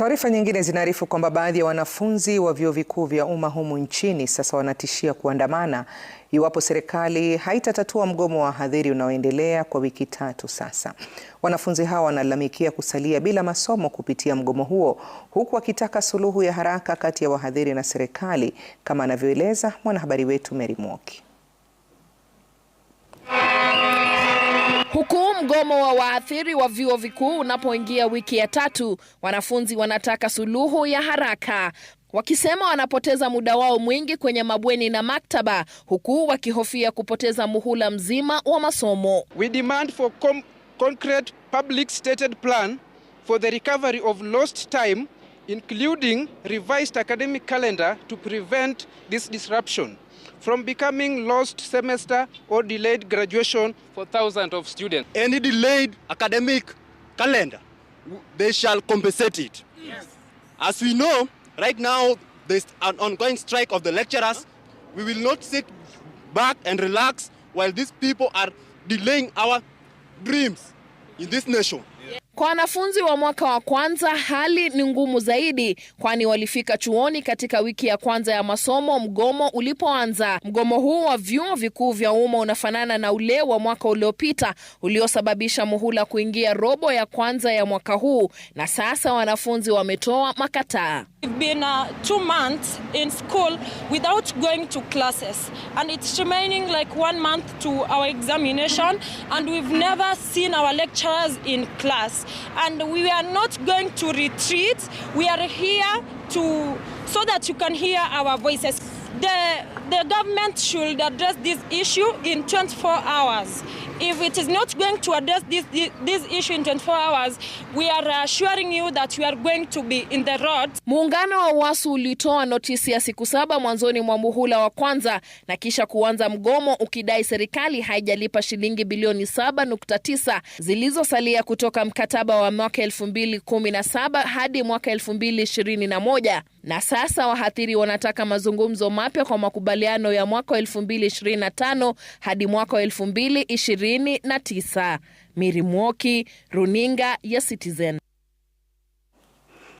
Taarifa nyingine zinaarifu kwamba baadhi ya wanafunzi wa vyuo vikuu vya umma humu nchini sasa wanatishia kuandamana iwapo serikali haitatatua mgomo wa wahadhiri unaoendelea kwa wiki tatu sasa. Wanafunzi hawa wanalalamikia kusalia bila masomo kupitia mgomo huo, huku wakitaka suluhu ya haraka kati ya wahadhiri na serikali, kama anavyoeleza mwanahabari wetu Mary Mwoki. Huku mgomo wa waathiri wa vyuo vikuu unapoingia wiki ya tatu, wanafunzi wanataka suluhu ya haraka wakisema wanapoteza muda wao mwingi kwenye mabweni na maktaba, huku wakihofia kupoteza muhula mzima wa masomo. We demand for concrete public stated plan for the recovery of lost time including revised academic calendar to prevent this disruption. from becoming lost semester or delayed graduation for thousands of students. Any delayed academic calendar, they shall compensate it. Yes. As we know, right now there's an ongoing strike of the lecturers. We will not sit back and relax while these people are delaying our dreams in this nation. Yes. Kwa wanafunzi wa mwaka wa kwanza hali ni ngumu zaidi, kwani walifika chuoni katika wiki ya kwanza ya masomo mgomo ulipoanza. Mgomo huu wa vyuo vikuu vya umma unafanana na ule wa mwaka uliopita uliosababisha muhula kuingia robo ya kwanza ya mwaka huu, na sasa wanafunzi wametoa makataa. In class. and we are not going to retreat. We are here to so that you can hear our voices. The, the government should address this issue in 24 hours. If it is not going to address this, this, issue in 24 hours, we are assuring you that we are going to be in the road. Muungano wa UWASU ulitoa notisi ya siku saba mwanzoni mwa muhula wa kwanza na kisha kuanza mgomo ukidai serikali haijalipa shilingi bilioni 7.9 zilizosalia kutoka mkataba wa mwaka 2017 hadi mwaka 2021 na sasa wahadhiri wanataka mazungumzo mapya kwa makubaliano ya mwaka 2025 hadi mwaka 2020. 29. Mirimuoki, runinga ya Citizen.